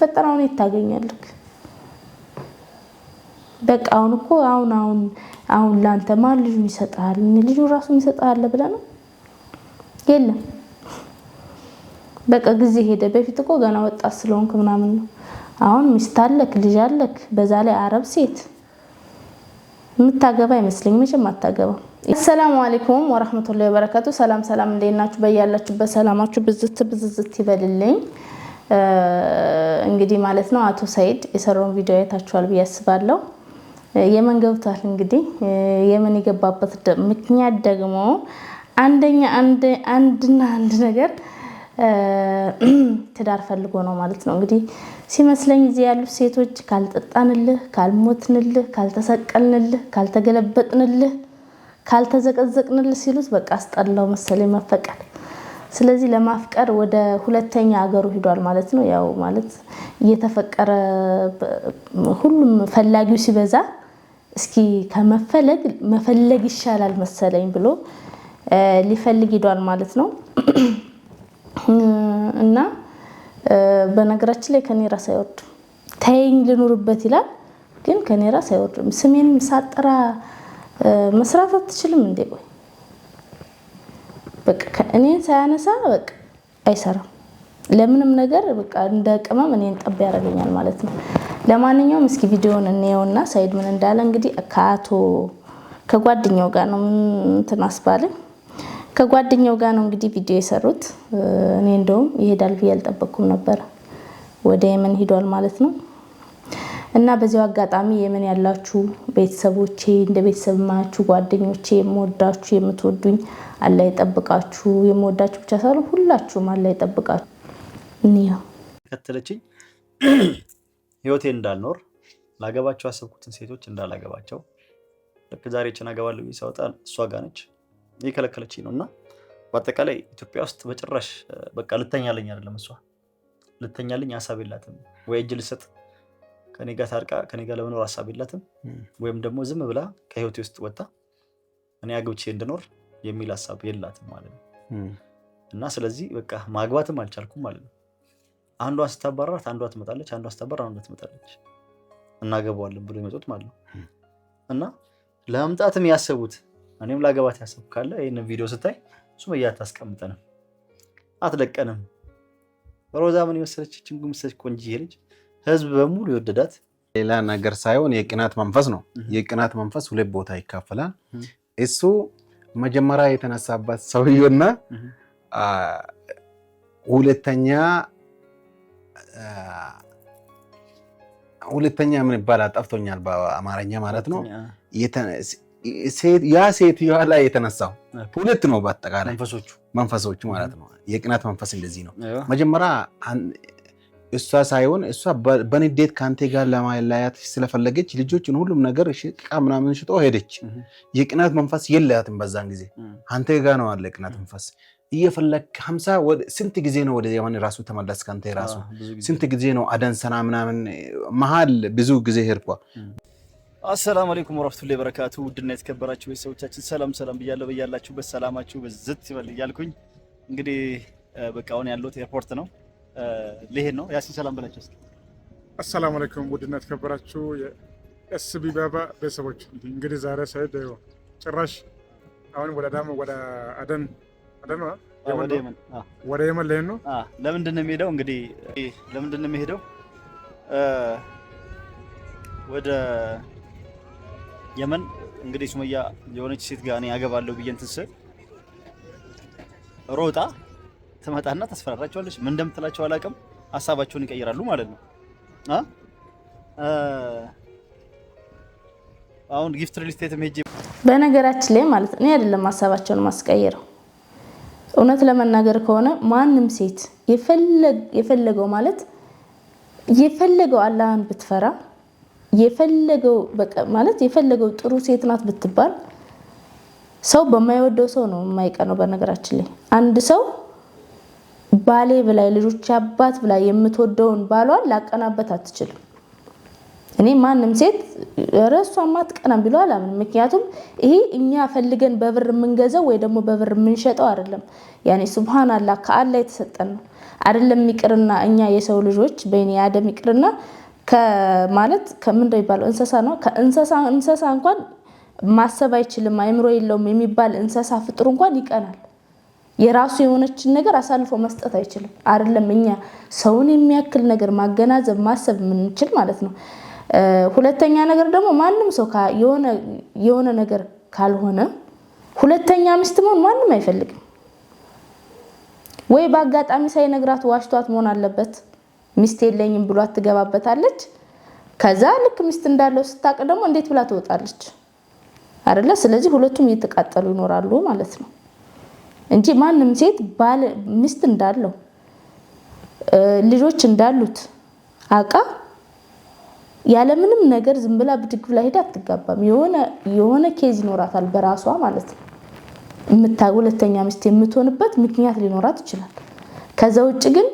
ፈጠራውን ይታገኛልክ። በቃ አሁን እኮ አሁን አሁን አሁን ለአንተ ማን ልጁ ይሰጣል? ልጁ ራሱ ይሰጣል ብለህ ነው? የለም በቃ ጊዜ ሄደ። በፊት እኮ ገና ወጣት ስለሆንክ ምናምን ነው። አሁን ሚስት አለክ፣ ልጅ አለክ። በዛ ላይ አረብ ሴት የምታገባ አይመስለኝ መቼም አታገባም። አሰላሙ አለይኩም ወረህመቱላሂ ወበረካቱ። ሰላም ሰላም፣ እንዴት ናችሁ? በያላችሁበት ሰላማችሁ ብዝት ብዝዝት ይበልልኝ። እንግዲህ ማለት ነው አቶ ሰይድ የሰራውን ቪዲዮ አይታችኋል ብዬ አስባለሁ። የመን ገብቷል። እንግዲህ የመን የገባበት ምክንያት ደግሞ አንደኛ አንድና አንድ ነገር ትዳር ፈልጎ ነው ማለት ነው። እንግዲህ ሲመስለኝ እዚህ ያሉት ሴቶች ካልጠጣንልህ፣ ካልሞትንልህ፣ ካልተሰቀልንልህ፣ ካልተገለበጥንልህ፣ ካልተዘቀዘቅንልህ ሲሉት በቃ አስጠላው መሰለኝ መፈቀል ስለዚህ ለማፍቀር ወደ ሁለተኛ ሀገሩ ሂዷል ማለት ነው። ያው ማለት እየተፈቀረ ሁሉም ፈላጊው ሲበዛ እስኪ ከመፈለግ መፈለግ ይሻላል መሰለኝ ብሎ ሊፈልግ ሂዷል ማለት ነው። እና በነገራችን ላይ ከኔ ራስ አይወርድም ተይኝ ልኑርበት ይላል፣ ግን ከኔ ራስ አይወርድም። ስሜንም ሳጠራ መስራት አትችልም እንዴ ቆይ በቃ እኔን ሳያነሳ በቃ አይሰራም። ለምንም ነገር በቃ እንደ ቅመም እኔን ጠብ ያደርገኛል ማለት ነው። ለማንኛውም እስኪ ቪዲዮውን እንየውና ሳይድ ምን እንዳለ እንግዲህ ከአቶ ከጓደኛው ጋር ነው እንትን አስባለኝ ከጓደኛው ጋር ነው እንግዲህ ቪዲዮ የሰሩት። እኔ እንደውም ይሄዳል ብዬ አልጠበቅኩም ነበር። ወደ የመን ሂዷል ማለት ነው። እና በዚያው አጋጣሚ የምን ያላችሁ ቤተሰቦቼ እንደ ቤተሰብ ማያችሁ ጓደኞቼ፣ የምወዳችሁ የምትወዱኝ፣ አላ ይጠብቃችሁ። የምወዳችሁ ብቻ ሳሉ ሁላችሁም አላ ይጠብቃችሁ። ከተለችኝ ህይወቴ እንዳልኖር ላገባቸው ያሰብኩትን ሴቶች እንዳላገባቸው ልክ ዛሬ ችን አገባለሁ ብዬ እሷ ጋ ነች የከለከለችኝ ነው እና በአጠቃላይ ኢትዮጵያ ውስጥ በጭራሽ በቃ ልተኛለኝ አይደለም እሷ ልተኛለኝ ሀሳብ የላትም ወይ እጅ ልሰጥ ከኔ ጋር ታርቃ ከኔ ጋር ለመኖር ሀሳብ የላትም ወይም ደግሞ ዝም ብላ ከህይወቴ ውስጥ ወጣ እኔ አግብቼ እንድኖር የሚል ሀሳብ የላትም ማለት ነው። እና ስለዚህ በቃ ማግባትም አልቻልኩም ማለት ነው። አንዷን ስታባራት አንዷ ትመጣለች፣ አንዷ ስታባራ አንዷ ትመጣለች። እናገባዋለን ብሎ ይመጡት ማለት ነው። እና ለመምጣትም ያሰቡት እኔም ላገባት ያሰብኩ ካለ ይህን ቪዲዮ ስታይ ሱመያ አታስቀምጠንም፣ አትለቀንም። ሮዛ ምን የመሰለች ችንጉ መሰለች ቆንጆ ልጅ ህዝብ በሙሉ የወደዳት ሌላ ነገር ሳይሆን የቅናት መንፈስ ነው። የቅናት መንፈስ ሁለት ቦታ ይካፈላል። እሱ መጀመሪያ የተነሳባት ሰውዬና ሁለተኛ ሁለተኛ ምን ይባላል ጠፍቶኛል፣ በአማርኛ ማለት ነው። ያ ሴትዮዋ ላይ የተነሳው ሁለት ነው። በአጠቃላይ መንፈሶቹ ማለት ነው። የቅናት መንፈስ እንደዚህ ነው። መጀመሪያ እሷ ሳይሆን እሷ በንዴት ከአንተ ጋር ለማላያት ስለፈለገች ልጆችን ሁሉም ነገር ቃ ምናምን ሽጦ ሄደች። የቅናት መንፈስ የለያትም። በዛን ጊዜ አንተ ጋር ነው አለ ቅናት መንፈስ እየፈለግ ሀምሳ ስንት ጊዜ ነው ወደ የሆነ ራሱ ተመለስ። ከአንተ ራሱ ስንት ጊዜ ነው አደንሰና ምናምን መሀል ብዙ ጊዜ ሄድኳ። አሰላሙ አለይኩም ወራህመቱላሂ በረካቱ። ውድና የተከበራችሁ ቤተሰቦቻችን ሰላም ሰላም ብያለሁ። በያላችሁ በሰላማችሁ በዝት ይበል እያልኩኝ እንግዲህ በቃ አሁን ያለሁት ኤርፖርት ነው ሊሄድ ነው። ያሲን ሰላም በላቸው እስኪ። አሰላሙ አለይኩም ውድና የተከበራችሁ የኤስቢ ባባ ቤተሰቦች እንግዲህ ዛሬ ሰይድ ጭራሽ አሁን ወደ አዳም ወደ አደን አደን ወደ የመን ልሄድ ነው። ለምንድን ነው የሚሄደው? እንግዲህ ለምንድን ነው የሚሄደው? ወደ የመን እንግዲህ ሱመያ የሆነች ሴት ጋር እኔ አገባለሁ ብዬ እንትን ስል ሮጣ ትመጣና ታስፈራራቸዋለች። ምን እንደምትላቸው አላውቅም። ሀሳባቸውን ይቀይራሉ ማለት ነው። አሁን ጊፍት ሪል ስቴት ሄጄ በነገራችን ላይ ማለት እኔ አይደለም ሀሳባቸውን ማስቀየረው። እውነት ለመናገር ከሆነ ማንም ሴት የፈለገው ማለት የፈለገው አላህን ብትፈራ የፈለገው በቃ ማለት የፈለገው ጥሩ ሴት ናት ብትባል ሰው በማይወደው ሰው ነው የማይቀነው። በነገራችን ላይ አንድ ሰው ባሌ ብላ ልጆች አባት ብላ የምትወደውን ባሏን ላቀናበት አትችልም። እኔ ማንም ሴት ረሷ አትቀናም ቢለው አላምንም። ምክንያቱም ይሄ እኛ ፈልገን በብር የምንገዛው ወይ ደግሞ በብር የምንሸጠው አይደለም። ያኔ ሱብሃን አላህ ከአላህ የተሰጠን ነው አይደለም። ይቅርና እኛ የሰው ልጆች በኔ አደም ይቅርና ማለት ከምንደ ይባለው እንስሳ ነው ከእንስሳ እንኳን ማሰብ አይችልም አይምሮ የለውም የሚባል እንስሳ ፍጡር እንኳን ይቀናል። የራሱ የሆነችን ነገር አሳልፎ መስጠት አይችልም። አይደለም እኛ ሰውን የሚያክል ነገር ማገናዘብ ማሰብ የምንችል ማለት ነው። ሁለተኛ ነገር ደግሞ ማንም ሰው የሆነ ነገር ካልሆነ ሁለተኛ ሚስት መሆን ማንም አይፈልግም። ወይ በአጋጣሚ ሳይነግራት ዋሽቷት መሆን አለበት። ሚስት የለኝም ብሏት ትገባበታለች። ከዛ ልክ ሚስት እንዳለው ስታውቅ ደግሞ እንዴት ብላ ትወጣለች? አደለ? ስለዚህ ሁለቱም እየተቃጠሉ ይኖራሉ ማለት ነው። እንጂ ማንም ሴት ባል ሚስት እንዳለው ልጆች እንዳሉት አቃ ያለምንም ነገር ዝም ብላ ብድግ ብላ ሄዳ አትጋባም። የሆነ ኬዝ ይኖራታል በራሷ ማለት ነው። ሁለተኛ ሚስት የምትሆንበት ምክንያት ሊኖራት ይችላል። ከዛ ውጭ ግን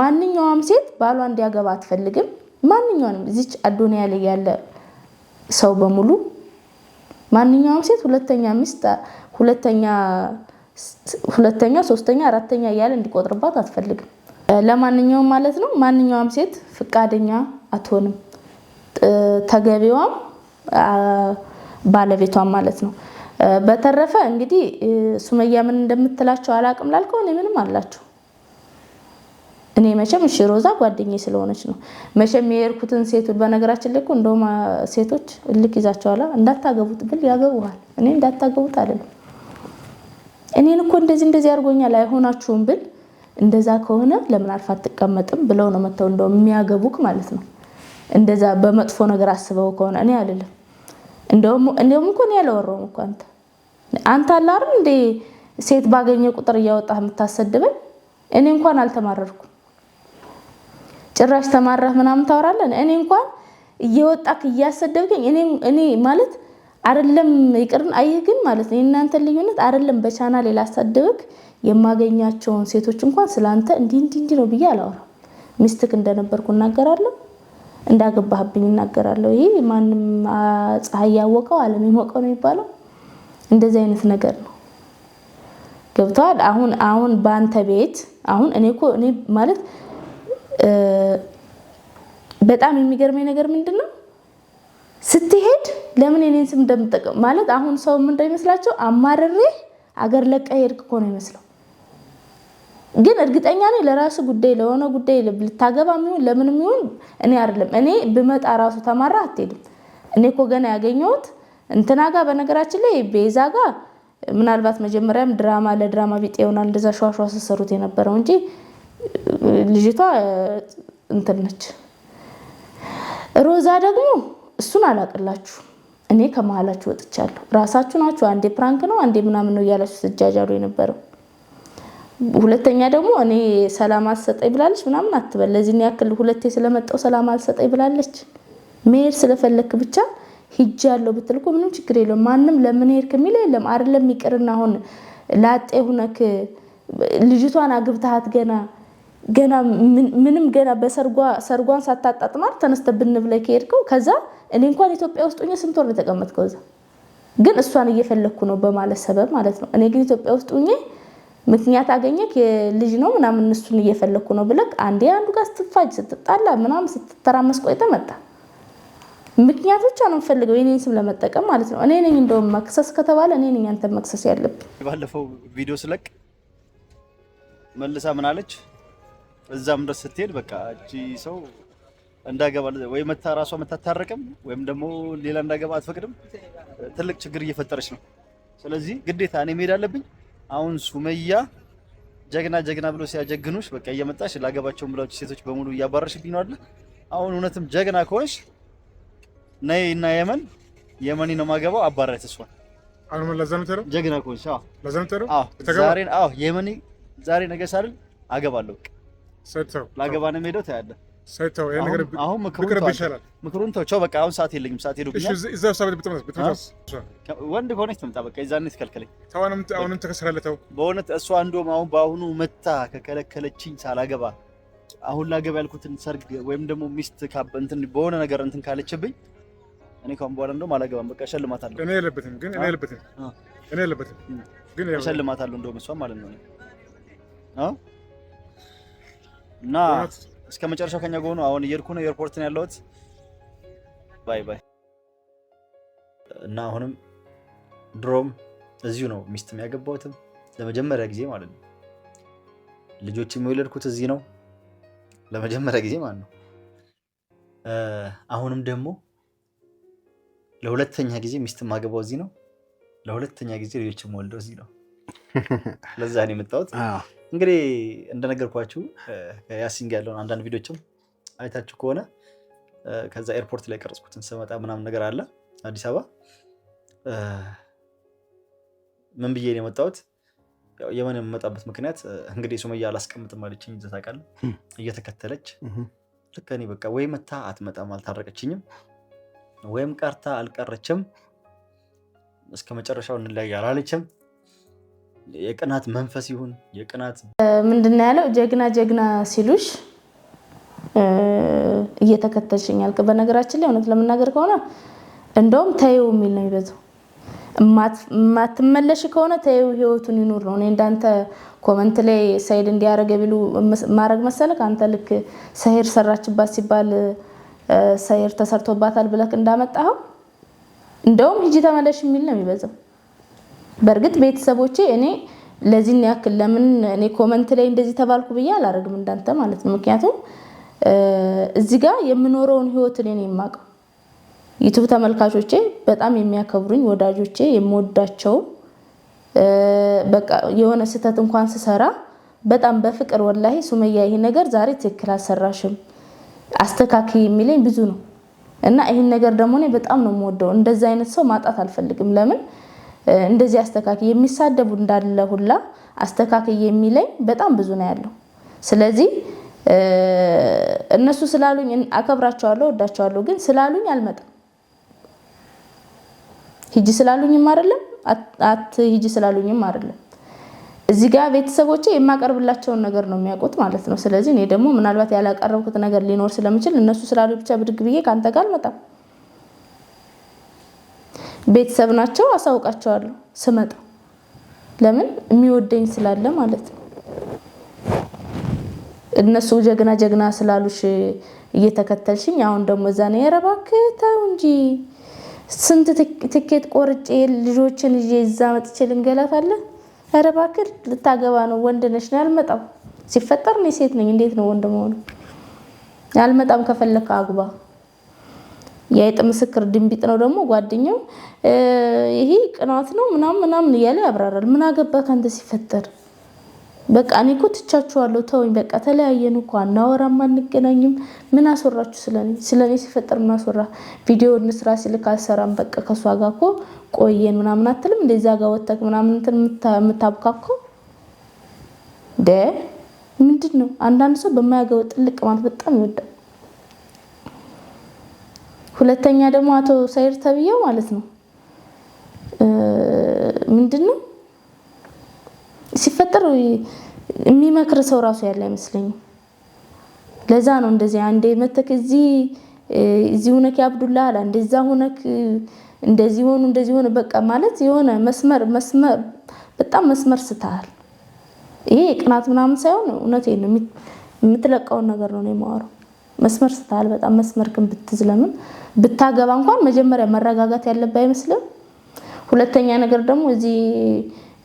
ማንኛውም ሴት ባሏ እንዲያገባ አትፈልግም። ማንኛውንም እዚች አዶኒያ ላይ ያለ ሰው በሙሉ ማንኛውም ሴት ሁለተኛ ሚስት ሁለተኛ ሁለተኛ ሶስተኛ አራተኛ እያለ እንዲቆጥርባት አትፈልግም። ለማንኛውም ማለት ነው ማንኛውም ሴት ፍቃደኛ አትሆንም። ተገቢዋም ባለቤቷም ማለት ነው። በተረፈ እንግዲህ ሱመያ ምን እንደምትላቸው አላቅም ላልከው እኔ ምንም አላቸው። እኔ መቼም እሺ ሮዛ ጓደኛ ስለሆነች ነው መቼም የሄድኩትን ሴቱ በነገራችን ልኩ እንደውም ሴቶች እልክ ይዛቸዋላ። እንዳታገቡት ብል ያገቡሃል። እኔ እንዳታገቡት አይደለም እኔን እኮ እንደዚህ እንደዚህ አድርጎኛል አይሆናችሁም ብል እንደዛ ከሆነ ለምን አርፋ አትቀመጥም ብለው ነው መተው እንደው የሚያገቡክ ማለት ነው። እንደዛ በመጥፎ ነገር አስበው ከሆነ እኔ አልልም። እንደውም እኮ እኔ አላወራሁም እኮ አንተ አንተ አላር እንዴ ሴት ባገኘ ቁጥር እያወጣህ የምታሰድበኝ እኔ እንኳን አልተማረርኩም። ጭራሽ ተማረህ ምናምን ታወራለን። እኔ እንኳን እየወጣክ እያሰደብኝ እኔ ማለት አይደለም ይቅርን አየህ ግን ማለት ነው የእናንተን ልዩነት አይደለም በቻናል ላሳደብክ የማገኛቸውን ሴቶች እንኳን ስለአንተ እንዲህ እንዲህ እንዲህ ነው ብዬ አላወራም። ሚስትክ እንደነበርኩ እናገራለሁ፣ እንዳገባህብኝ እናገራለሁ። ይሄ ማንም ፀሐይ ያወቀው ዓለም የሞቀው ነው የሚባለው። እንደዚህ አይነት ነገር ነው ገብተዋል። አሁን አሁን በአንተ ቤት አሁን እኔ እኮ እኔ ማለት በጣም የሚገርመኝ ነገር ምንድን ነው ለምን የኔን ስም እንደምጠቀም ማለት አሁን ሰው ምን እንደሚመስላቸው አማርሬ አገር ለቀ ሄድክ እኮ ነው ይመስለው። ግን እርግጠኛ ነኝ ለራሱ ጉዳይ ለሆነ ጉዳይ ልታገባ ሚሆን ለምን ይሁን እኔ አይደለም እኔ ብመጣ ራሱ ተማራ አትሄድም። እኔ እኮ ገና ያገኘሁት እንትና በነገራችን ላይ ቤዛ ጋ ምናልባት መጀመሪያም ድራማ ለድራማ ቢጤ ይሆናል እንደዛ ሸዋሸዋ ስሰሩት የነበረው እንጂ ልጅቷ እንትን ነች። ሮዛ ደግሞ እሱን አላቅላችሁ እኔ ከመሀላችሁ ወጥቻለሁ። ራሳችሁ ናችሁ አንዴ ፕራንክ ነው አንዴ ምናምን ነው እያላችሁ ስጃጃሉ የነበረው። ሁለተኛ ደግሞ እኔ ሰላም አልሰጠኝ ብላለች ምናምን አትበል። ለዚህ ያክል ሁለቴ ስለመጣው ሰላም አልሰጠኝ ብላለች። መሄድ ስለፈለክ ብቻ ሂጅ ያለው ብትል እኮ ምንም ችግር የለውም። ማንም ለምን ሄድክ የሚል የለም። አይደለም ይቅርና አሁን ላጤ ሁነክ ልጅቷን አግብተሃት ገና ገና ምንም ገና በሰርጓን ሳታጣጥማር ተነስተ ብንብለ ከሄድከው ከዛ እኔ እንኳን ኢትዮጵያ ውስጥ ሁኜ ስንት ወር ነው የተቀመጥከው እዛ ግን እሷን እየፈለግኩ ነው በማለት ሰበብ ማለት ነው። እኔ ግን ኢትዮጵያ ውስጥ ሁኜ ምክንያት አገኘ ልጅ ነው ምናምን እሱን እየፈለግኩ ነው ብለህ አንዴ አንዱ ጋር ስትፋጅ ስትጣላ ምናምን ስትተራመስ ቆይተ መጣ። ምክንያት ብቻ ነው የምፈልገው የኔን ስም ለመጠቀም ማለት ነው። እኔ ነኝ እንደውም መክሰስ ከተባለ እኔ ነኝ አንተ መክሰስ ያለብኝ። ባለፈው ቪዲዮ ስለቅ መልሳ ምን አለች? እዛም ድረስ ስትሄድ በቃ እቺ ሰው እንዳገባ ወይ መታ ራሷ መታታረቅም ወይም ደግሞ ሌላ እንዳገባ አትፈቅድም። ትልቅ ችግር እየፈጠረች ነው። ስለዚህ ግዴታ እኔ መሄድ አለብኝ። አሁን ሱመያ ጀግና ጀግና ብሎ ሲያጀግኑሽ በቃ እየመጣሽ ላገባቸው ብላችሁ ሴቶች በሙሉ እያባረርሽብኝ ነው አይደል? አሁን እውነትም ጀግና ከሆንሽ ነይ እና የመን የመኒ ነው ማገባው አባራይ ተስፋል አሁን ለዛ ነው ጀግና ከሆንሽ አዎ፣ ለዛ ነው አዎ፣ ዛሬ አዎ የመኒ ዛሬ ነገ ሳልል አገባለሁ። ላገባ ነው የምሄደው። ታያለህ ሰተው ይሄን ነገር ይሻላል። ምክሩን ተው፣ በቃ። አሁን ሰዓት የለኝም፣ ሰዓት ሄዶብኛል። እሺ፣ ወንድ ከሆነች ትምጣ በቃ። የዛኔ ትከልከለኝ። ተው፣ አሁንም ተከስራለህ። በእውነት እሷ እንደውም አሁን በአሁኑ መታ ከከለከለችኝ ሳላገባ አሁን ላገባ ያልኩትን ሰርግ ወይም ደግሞ ሚስት ካብ እንትን በሆነ ነገር እንትን ካለችብኝ እኔ ከአሁን በኋላ እንደውም አላገባም በቃ። እሸልማታለሁ። እኔ የለበትም ግን እኔ የለበትም እኔ የለበትም ግን እሸልማታለሁ። እንደውም እሷ ማለት ነው አዎ እና እስከ መጨረሻ ከኛ ጎኑ። አሁን እየሄድኩ ነው፣ ኤርፖርት ነው ያለሁት። ባይ ባይ። እና አሁንም ድሮም እዚሁ ነው ሚስት ያገባሁትም ለመጀመሪያ ጊዜ ማለት ነው። ልጆች የሚወለድኩት እዚህ ነው ለመጀመሪያ ጊዜ ማለት ነው። አሁንም ደግሞ ለሁለተኛ ጊዜ ሚስት ማገባው እዚህ ነው። ለሁለተኛ ጊዜ ልጆች ወልደው እዚህ ነው። ለዛ ነው የመጣሁት። እንግዲህ እንደነገርኳችሁ ያሲንግ ያለውን አንዳንድ ቪዲዮችም አይታችሁ ከሆነ ከዛ ኤርፖርት ላይ ቀረጽኩትን ስመጣ ምናምን ነገር አለ አዲስ አበባ ምን ብዬ ነው የመጣሁት? የመን የምመጣበት ምክንያት እንግዲህ ሱመያ አላስቀምጥም አለችኝ። ይዘህ ታውቃለህ፣ እየተከተለች ልክ እኔ በቃ ወይ መታ አትመጣም፣ አልታረቀችኝም፣ ወይም ቀርታ አልቀረችም፣ እስከ መጨረሻው እንለያይ አላለችም። የቅናት መንፈስ ይሁን የቅናት ምንድን ያለው? ጀግና ጀግና ሲሉሽ እየተከተልሽኝ ያልክ። በነገራችን ላይ እውነት ለመናገር ከሆነ እንደውም ተይው የሚል ነው ይበዛው። የማትመለሽ ከሆነ ተይው ህይወቱን ይኑር ነው። እኔ እንዳንተ ኮመንት ላይ ሰይድ እንዲያደረገ ቢሉ ማድረግ መሰለክ አንተ ልክ ሰሄር ሰራችባት ሲባል ሰሄር ተሰርቶባታል ብለክ እንዳመጣኸው እንደውም ሂጂ ተመለሽ የሚል ነው የሚበዛው። በእርግጥ ቤተሰቦቼ እኔ ለዚህን ያክል ለምን እኔ ኮመንት ላይ እንደዚህ ተባልኩ ብዬ አላደርግም እንዳንተ ማለት ነው። ምክንያቱም እዚህ ጋር የምኖረውን ህይወት እኔ ነው የማውቀው። ዩቱብ ተመልካቾቼ በጣም የሚያከብሩኝ ወዳጆቼ፣ የምወዳቸው በቃ የሆነ ስህተት እንኳን ስሰራ በጣም በፍቅር ወላሂ ሱመያ ይሄ ነገር ዛሬ ትክክል አልሰራሽም አስተካኪ የሚለኝ ብዙ ነው እና ይህን ነገር ደግሞ እኔ በጣም ነው የምወደው። እንደዚ አይነት ሰው ማጣት አልፈልግም። ለምን እንደዚህ አስተካክ የሚሳደቡ እንዳለ ሁላ አስተካክ የሚለኝ በጣም ብዙ ነው ያለው። ስለዚህ እነሱ ስላሉኝ አከብራቸዋለሁ፣ ወዳቸዋለሁ። ግን ስላሉኝ አልመጣም። ሂጂ ስላሉኝም አይደለም አት ሂጂ ስላሉኝም አይደለም። እዚህ ጋር ቤተሰቦቼ የማቀርብላቸውን ነገር ነው የሚያውቁት ማለት ነው። ስለዚህ እኔ ደግሞ ምናልባት ያላቀረብኩት ነገር ሊኖር ስለምችል እነሱ ስላሉ ብቻ ብድግ ብዬ ከአንተ ጋር አልመጣም። ቤተሰብ ናቸው። አሳውቃቸዋለሁ ስመጣ። ለምን የሚወደኝ ስላለ ማለት ነው። እነሱ ጀግና ጀግና ስላሉሽ እየተከተልሽኝ፣ አሁን ደግሞ እዛ ነው የረባክህ ተው እንጂ ስንት ትኬት ቆርጬ ልጆችን ይዤ እዛ መጥቼ ልንገላታለን። እባክህ ልታገባ ነው ወንድ ነሽ ነው ያልመጣው። ሲፈጠር እኔ ሴት ነኝ። እንዴት ነው ወንድ መሆኑ? ያልመጣም ከፈለከ አግባ። የአይጥ ምስክር ድንቢጥ ነው ደግሞ ጓደኛው ይሄ ቅናት ነው ምናምን ምናምን እያለ ያብራራል። ምን አገባ ከአንተ ሲፈጠር በቃ እኔ እኮ ትቻችኋለሁ፣ ተወኝ በቃ ተለያየን እኮ አናወራም፣ አንገናኝም። ምን አስወራችሁ ስለኔ? ስለኔ ሲፈጠር ምን አስወራ? ቪዲዮ እንስራ ሲልክ አልሰራም፣ በቃ ከሷ ጋር እኮ ቆየን ምናምን አትልም። እንደዛ ጋር ወተክ ምናምን እንትን የምታብካኮ ደ ምንድን ነው? አንዳንድ ሰው በማያገባ ጥልቅ ማለት በጣም ይወዳል። ሁለተኛ ደግሞ አቶ ሳይር ተብዬው ማለት ነው ምንድን ነው ሲፈጠር የሚመክር ሰው ራሱ ያለ አይመስለኝም። ለዛ ነው እንደዚህ አንዴ መተክ እዚህ እዚህ ሆነክ አብዱላ አላ እንደዛ ሆነክ እንደዚህ ሆኑ እንደዚህ ሆነ በቃ ማለት የሆነ መስመር መስመር በጣም መስመር ስታል ይሄ ቅናት ምናምን ሳይሆን እውነቴን ነው የምትለቀውን ነገር ነው የማወራው። መስመር ስታል በጣም መስመር ግን ብትዝ ለምን ብታገባ እንኳን መጀመሪያ መረጋጋት ያለብህ አይመስልም? ሁለተኛ ነገር ደግሞ እዚህ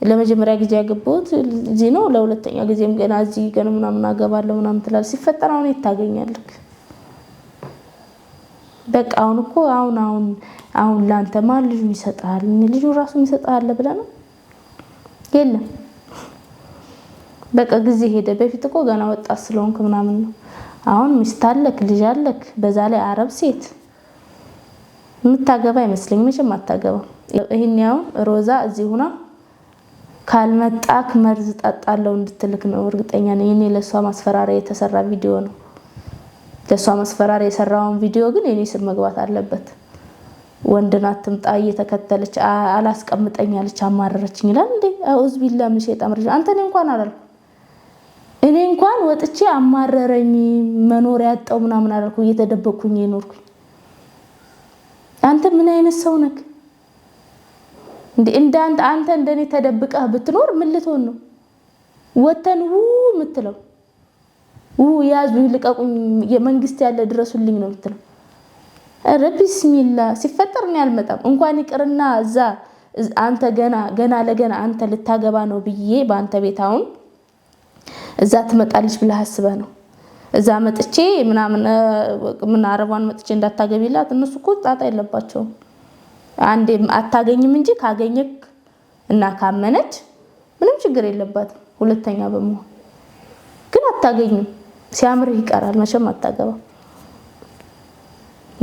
ለመጀመሪያ ጊዜ ያገባሁት እዚህ ነው፣ ለሁለተኛ ጊዜም ገና እዚህ ገና ምናምን አገባለሁ ምናምን ትላለህ። ሲፈጠር አሁን የት በቃ አሁን እኮ አሁን አሁን አሁን ለአንተ ማን ልጁ ይሰጥሃል? ልጁ ራሱ ይሰጣል ብለህ ነው? የለም በቃ ጊዜ ሄደ። በፊት እኮ ገና ወጣት ስለሆንክ ምናምን ነው አሁን ሚስት አለክ ልጅ አለክ፣ በዛ ላይ አረብ ሴት የምታገባ አይመስለኝ፣ መቼም አታገባ። ይህን ያው ሮዛ እዚህ ሁና ካልመጣክ መርዝ ጠጣለው እንድትልክ ነው እርግጠኛ ነኝ። እኔ ለእሷ ማስፈራሪያ የተሰራ ቪዲዮ ነው። ለእሷ ማስፈራሪያ የሰራውን ቪዲዮ ግን የኔ ስር መግባት አለበት። ወንድን አትምጣ እየተከተለች አላስቀምጠኛለች አማረረችኝ ይላል እንዴ? አውዝ ቢላ ምን ሸጣ መረጃ አንተን እንኳን አላልኩ እኔ እንኳን ወጥቼ አማረረኝ መኖር ያጣው ምናምን አላልኩ፣ እየተደበቅኩኝ የኖርኩኝ። አንተ ምን አይነት ሰው ነህ? እንደ አንተ እንደኔ ተደብቀህ ብትኖር ምን ልትሆን ነው? ወተን ው የምትለው ው ያዙኝ፣ ልቀቁኝ፣ የመንግስት ያለ ድረሱልኝ ነው የምትለው። ኧረ ቢስሚላ ሲፈጠር እኔ አልመጣም። እንኳን ይቅርና እዛ አንተ ገና ገና ለገና አንተ ልታገባ ነው ብዬ በአንተ ቤት አሁን እዛ ትመጣለች ብለህ አስበህ ነው። እዛ መጥቼ ምናምን ምን አረቧን መጥቼ እንዳታገቢላት እነሱ እኮ ጣጣ የለባቸውም። አንዴ አታገኝም እንጂ ካገኘክ እና ካመነች ምንም ችግር የለባትም። ሁለተኛ በመሆን ግን አታገኝም። ሲያምርህ ይቀራል። መቼም አታገባም።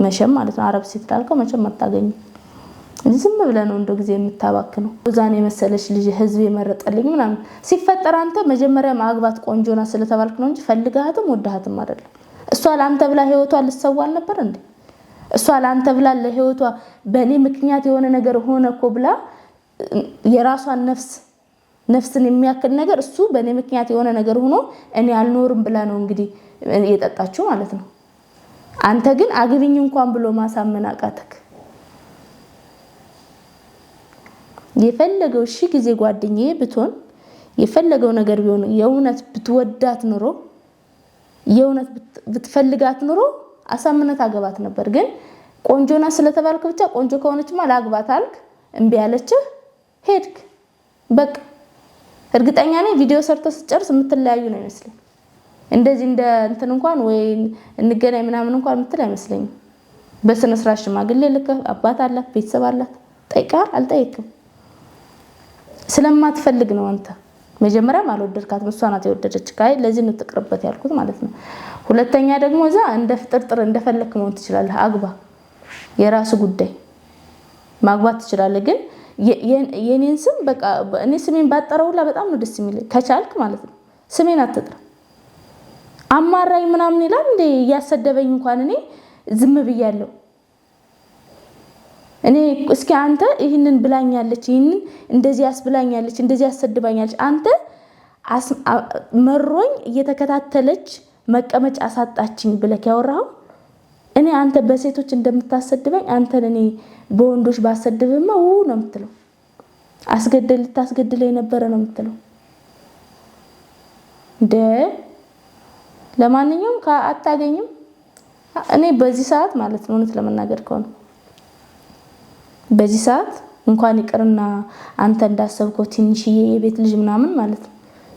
መቼም ማለት ነው። አረብ ሴት ላልከው መቼም አታገኝም። ዝም ብለ ነው እንደ ጊዜ የምታባክ ነው። እዛን የመሰለች ልጅ ህዝብ የመረጠልኝ ምናምን ሲፈጠር አንተ መጀመሪያ ማግባት ቆንጆና ስለተባልክ ነው እንጂ ፈልጋትም ወድሃትም አይደለም። እሷ ለአንተ ብላ ህይወቷ ልትሰዋ አልነበር እንዴ? እሷ ለአንተ ብላ ለህይወቷ በእኔ ምክንያት የሆነ ነገር ሆነ እኮ ብላ የራሷን ነፍስ ነፍስን የሚያክል ነገር እሱ በእኔ ምክንያት የሆነ ነገር ሆኖ እኔ አልኖርም ብላ ነው እንግዲህ የጠጣችው ማለት ነው። አንተ ግን አግብኝ እንኳን ብሎ ማሳመን አቃተክ። የፈለገው ሺ ጊዜ ጓደኛዬ ብትሆን የፈለገው ነገር ቢሆን የእውነት ብትወዳት ኑሮ የእውነት ብትፈልጋት ኑሮ አሳምነት አገባት ነበር። ግን ቆንጆና ስለተባልክ ብቻ ቆንጆ ከሆነችማ ላግባት አልክ፣ እምቢ አለችህ፣ ሄድክ። በቃ እርግጠኛ ነኝ ቪዲዮ ሰርቶ ስጨርስ የምትለያዩ ነው ይመስለኝ። እንደዚህ እንደ እንትን እንኳን ወይ እንገናኝ ምናምን እንኳን የምትል አይመስለኝም። በስነስርዓት ሽማግሌ ልከህ አባት አላት ቤተሰብ አላት ጠይቃ አልጠይቅም ስለማትፈልግ ነው። አንተ መጀመሪያም አልወደድካትም፣ እሷ ናት የወደደች። ካይ ለዚህ እንጥቅርበት ያልኩት ማለት ነው። ሁለተኛ ደግሞ እዛ እንደ ፍጥርጥር እንደፈለክ መሆን ትችላለህ። አግባ፣ የራሱ ጉዳይ ማግባት ትችላለህ። ግን የኔን ስም በቃ እኔ ስሜን ባጠረው ሁላ በጣም ነው ደስ የሚል ከቻልክ ማለት ነው። ስሜን አትጥራ። አማራኝ ምናምን ይላል እንዴ እያሰደበኝ እንኳን እኔ ዝም ብያለሁ። እኔ እስኪ አንተ ይህንን ብላኛለች፣ ይህንን እንደዚህ ያስብላኛለች፣ እንደዚህ ያሰድባኛለች፣ አንተ መሮኝ እየተከታተለች መቀመጫ አሳጣችኝ ብለክ ያወራኸው እኔ አንተ በሴቶች እንደምታሰድበኝ አንተን እኔ በወንዶች ባሰድብማ ው ነው የምትለው። አስገደ ልታስገድለ የነበረ ነው የምትለው። እንደ ለማንኛውም አታገኝም። እኔ በዚህ ሰዓት ማለት ነው እውነት ለመናገር ከሆነ በዚህ ሰዓት እንኳን ይቅርና አንተ እንዳሰብከው ትንሽዬ የቤት ልጅ ምናምን ማለት ነው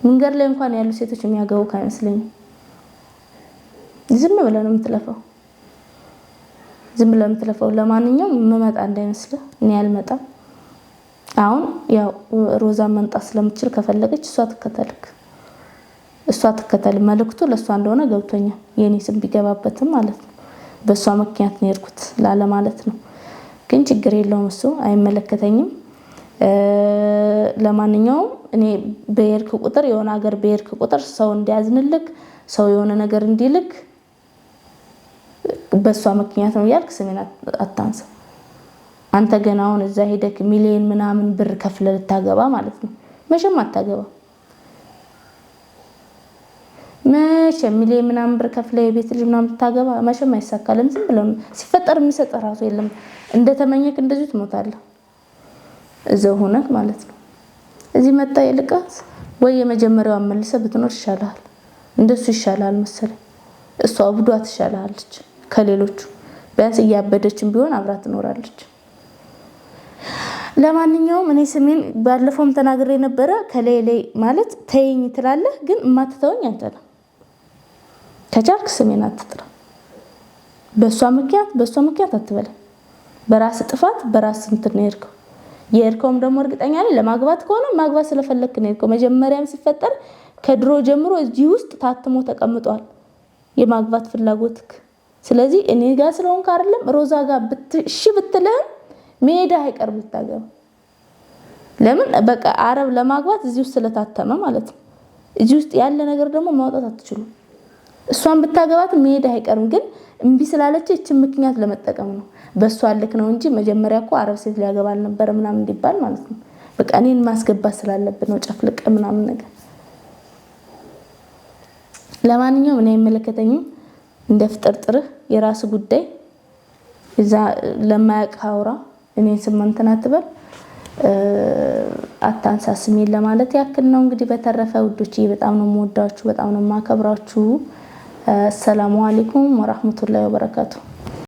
መንገድ ላይ እንኳን ያሉ ሴቶች የሚያገቡ አይመስለኝም። ዝም ብለህ ነው የምትለፈው፣ ዝም ብለህ የምትለፈው። ለማንኛውም የምመጣ እንዳይመስልህ እኔ አልመጣም። አሁን ያው ሮዛ መምጣት ስለምትችል ከፈለገች እሷ ትከተልክ እሷ ትከተል። መልእክቱ ለእሷ እንደሆነ ገብቶኛል። የእኔ ስም ቢገባበትም ማለት ነው በእሷ ምክንያት ነው የሄድኩት ላለ ማለት ነው። ግን ችግር የለውም እሱ አይመለከተኝም። ለማንኛውም እኔ በሄድክ ቁጥር የሆነ ሀገር በሄድክ ቁጥር ሰው እንዲያዝንልክ ሰው የሆነ ነገር እንዲልክ በእሷ ምክንያት ነው እያልክ ስሜን አታንሳ። አንተ ገና አሁን እዛ ሄደክ ሚሊዮን ምናምን ብር ከፍለ ልታገባ ማለት ነው። መቼም አታገባ። መቼም ሚሊዮን ምናምን ብር ከፍለ የቤት ልጅ ምናምን ልታገባ መቼም አይሳካልም። ዝም ብለው ሲፈጠር የሚሰጥ ራሱ የለም። እንደተመኘክ እንደዚሁ ትሞታለህ እዛው ሆነክ ማለት ነው። እዚህ መጣ የልቃት ወይ የመጀመሪያው አመልሰ ብትኖር ይሻላል። እንደሱ ይሻላል መሰለኝ። እሷ አብዷ ትሻላለች ከሌሎቹ ቢያንስ እያበደችም ቢሆን አብራ ትኖራለች። ለማንኛውም እኔ ስሜን ባለፈውም ተናግሬ ነበረ። ከሌሌ ማለት ተይኝ ትላለህ፣ ግን የማትተወኝ አንተ ነው። ከቻልክ ስሜን አትጥራ። በእሷ ምክንያት በእሷ ምክንያት አትበላኝ። በራስ ጥፋት በራስ እንትን ነው የሄድከው። የሄድከውም ደግሞ እርግጠኛ ነኝ ለማግባት ከሆነ ማግባት ስለፈለግክ ነው የሄድከው። መጀመሪያም ሲፈጠር ከድሮ ጀምሮ እዚህ ውስጥ ታትሞ ተቀምጧል የማግባት ፍላጎትክ። ስለዚህ እኔ ጋ ስለሆንክ አይደለም ሮዛ ጋር እሺ ብትልህም መሄድ አይቀርም ልታገባ። ለምን በቃ አረብ ለማግባት እዚህ ውስጥ ስለታተመ ማለት ነው። እዚህ ውስጥ ያለ ነገር ደግሞ ማውጣት አትችሉም። እሷን ብታገባት መሄድ አይቀርም ግን እምቢ ስላለች ይችን ምክንያት ለመጠቀም ነው። በሷ አልክ ነው እንጂ መጀመሪያ እኮ አረብ ሴት ሊያገባ አልነበረ ምናምን እንዲባል ማለት ነው። በቃ እኔን ማስገባት ስላለብን ነው ጨፍልቅ ምናምን ነገር። ለማንኛውም እኔ አይመለከተኝም፣ እንደ ፍጥርጥርህ የራስ ጉዳይ። እዛ ለማያውቅ አውራ፣ እኔን ስም እንትን አትበል፣ አታንሳ ስሜን ለማለት ያክል ነው። እንግዲህ በተረፈ ውዶች በጣም ነው የምወዳችሁ፣ በጣም ነው የማከብራችሁ። አሰላሙ አሌይኩም ወራህመቱላሂ ወበረካቱሁ።